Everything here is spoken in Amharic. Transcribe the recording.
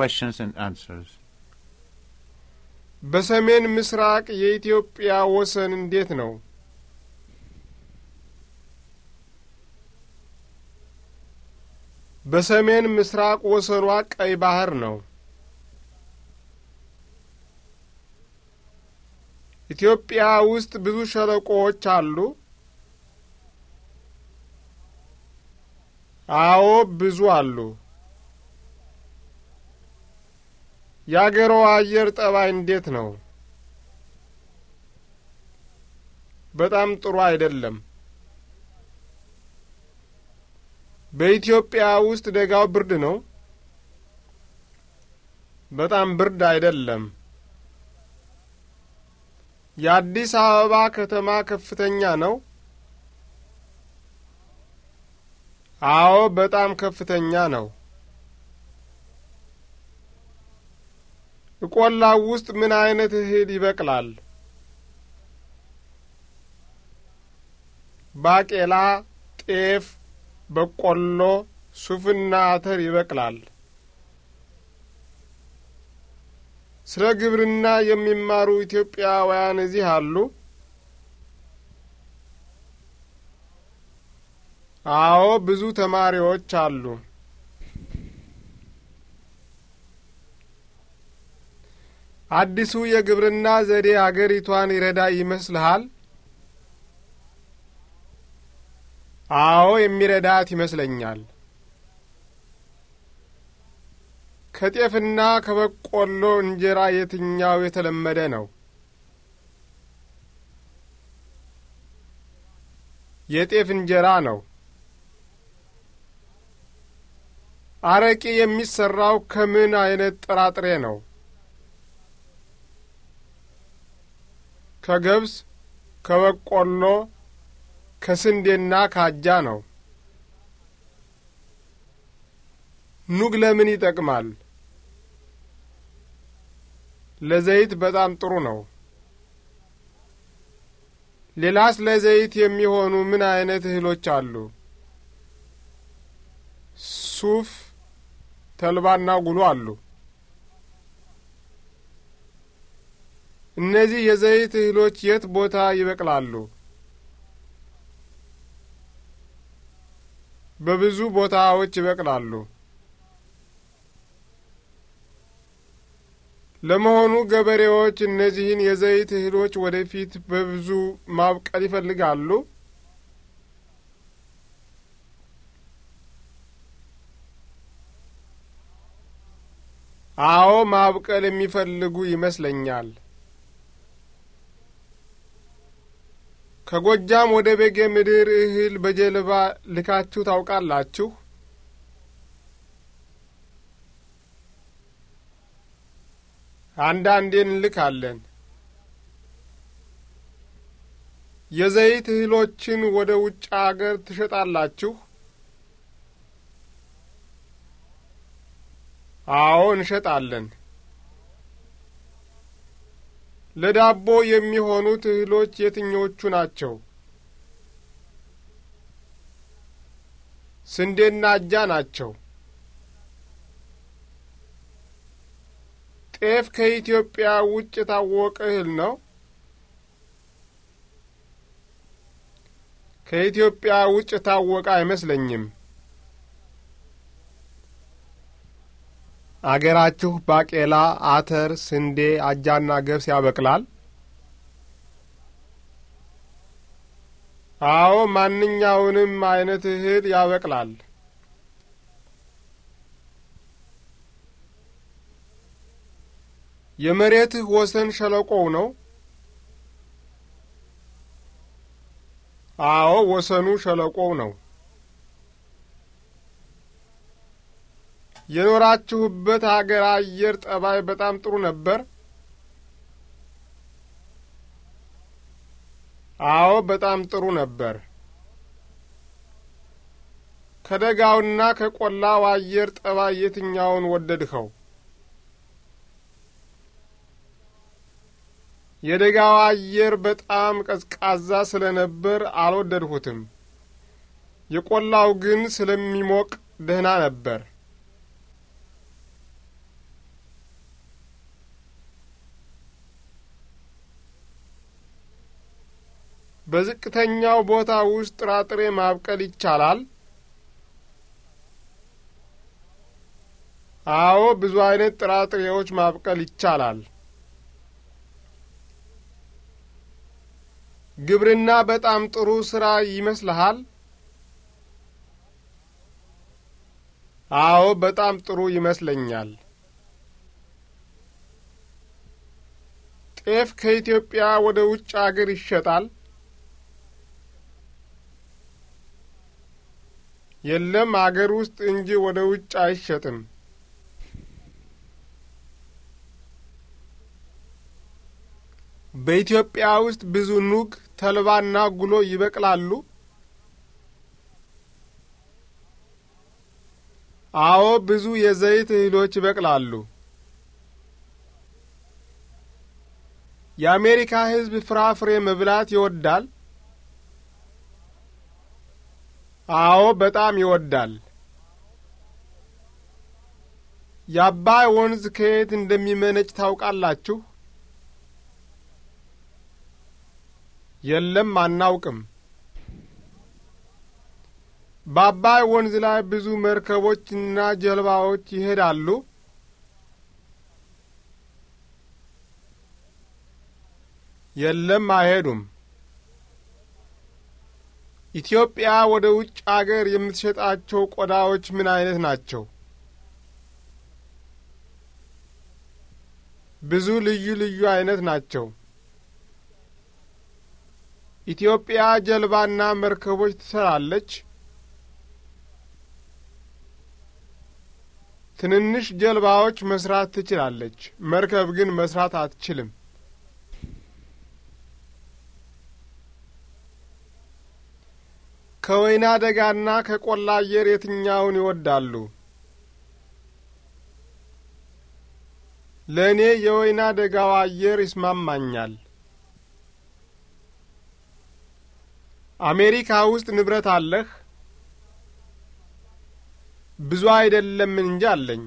questions and answers. በሰሜን ምስራቅ የኢትዮጵያ ወሰን እንዴት ነው? በሰሜን ምስራቅ ወሰኗ ቀይ ባህር ነው። ኢትዮጵያ ውስጥ ብዙ ሸለቆዎች አሉ። አዎ፣ ብዙ አሉ። የአገሮ አየር ጠባይ እንዴት ነው? በጣም ጥሩ አይደለም። በኢትዮጵያ ውስጥ ደጋው ብርድ ነው? በጣም ብርድ አይደለም። የአዲስ አበባ ከተማ ከፍተኛ ነው? አዎ፣ በጣም ከፍተኛ ነው። በቆላው ውስጥ ምን አይነት እህል ይበቅላል? ባቄላ፣ ጤፍ፣ በቆሎ፣ ሱፍና አተር ይበቅላል። ስለ ግብርና የሚማሩ ኢትዮጵያውያን እዚህ አሉ? አዎ፣ ብዙ ተማሪዎች አሉ። አዲሱ የግብርና ዘዴ አገሪቷን ይረዳ ይመስልሃል? አዎ የሚረዳት ይመስለኛል። ከጤፍና ከበቆሎ እንጀራ የትኛው የተለመደ ነው? የጤፍ እንጀራ ነው። አረቄ የሚሰራው ከምን አይነት ጥራጥሬ ነው? ከገብስ፣ ከበቆሎ፣ ከስንዴና ካጃ ነው። ኑግ ለምን ይጠቅማል? ለዘይት በጣም ጥሩ ነው። ሌላስ ለዘይት የሚሆኑ ምን አይነት እህሎች አሉ? ሱፍ፣ ተልባና ጉሎ አሉ። እነዚህ የዘይት እህሎች የት ቦታ ይበቅላሉ? በብዙ ቦታዎች ይበቅላሉ። ለመሆኑ ገበሬዎች እነዚህን የዘይት እህሎች ወደፊት በብዙ ማብቀል ይፈልጋሉ? አዎ፣ ማብቀል የሚፈልጉ ይመስለኛል። ከጎጃም ወደ ቤጌ ምድር እህል በጀልባ ልካችሁ ታውቃላችሁ? አንዳንዴ እንልካለን። የዘይት እህሎችን ወደ ውጭ አገር ትሸጣላችሁ? አዎ እንሸጣለን። ለዳቦ የሚሆኑት እህሎች የትኞቹ ናቸው? ስንዴና አጃ ናቸው። ጤፍ ከኢትዮጵያ ውጭ የታወቀ እህል ነው? ከኢትዮጵያ ውጭ የታወቀ አይመስለኝም። አገራችሁ ባቄላ፣ አተር፣ ስንዴ፣ አጃና ገብስ ያበቅላል? አዎ፣ ማንኛውንም አይነት እህል ያበቅላል። የመሬትህ ወሰን ሸለቆው ነው? አዎ፣ ወሰኑ ሸለቆው ነው። የኖራችሁበት አገር አየር ጠባይ በጣም ጥሩ ነበር? አዎ፣ በጣም ጥሩ ነበር። ከደጋውና ከቆላው አየር ጠባይ የትኛውን ወደድኸው? የደጋው አየር በጣም ቀዝቃዛ ስለነበር አልወደድሁትም። የቆላው ግን ስለሚሞቅ ደህና ነበር። በዝቅተኛው ቦታ ውስጥ ጥራጥሬ ማብቀል ይቻላል? አዎ፣ ብዙ አይነት ጥራጥሬዎች ማብቀል ይቻላል። ግብርና በጣም ጥሩ ስራ ይመስልሃል? አዎ፣ በጣም ጥሩ ይመስለኛል። ጤፍ ከኢትዮጵያ ወደ ውጭ አገር ይሸጣል? የለም አገር ውስጥ እንጂ ወደ ውጭ አይሸጥም። በኢትዮጵያ ውስጥ ብዙ ኑግ፣ ተልባና ጉሎ ይበቅላሉ? አዎ፣ ብዙ የዘይት እህሎች ይበቅላሉ። የአሜሪካ ሕዝብ ፍራፍሬ መብላት ይወዳል? አዎ በጣም ይወዳል። የአባይ ወንዝ ከየት እንደሚመነጭ ታውቃላችሁ? የለም፣ አናውቅም። በአባይ ወንዝ ላይ ብዙ መርከቦች እና ጀልባዎች ይሄዳሉ? የለም፣ አይሄዱም። ኢትዮጵያ ወደ ውጭ አገር የምትሸጣቸው ቆዳዎች ምን አይነት ናቸው? ብዙ ልዩ ልዩ አይነት ናቸው። ኢትዮጵያ ጀልባና መርከቦች ትሰራለች። ትንንሽ ጀልባዎች መስራት ትችላለች። መርከብ ግን መስራት አትችልም። ከወይና ደጋና ከቆላ አየር የትኛውን ይወዳሉ? ለእኔ የወይና ደጋው አየር ይስማማኛል። አሜሪካ ውስጥ ንብረት አለህ? ብዙ አይደለም እንጂ አለኝ።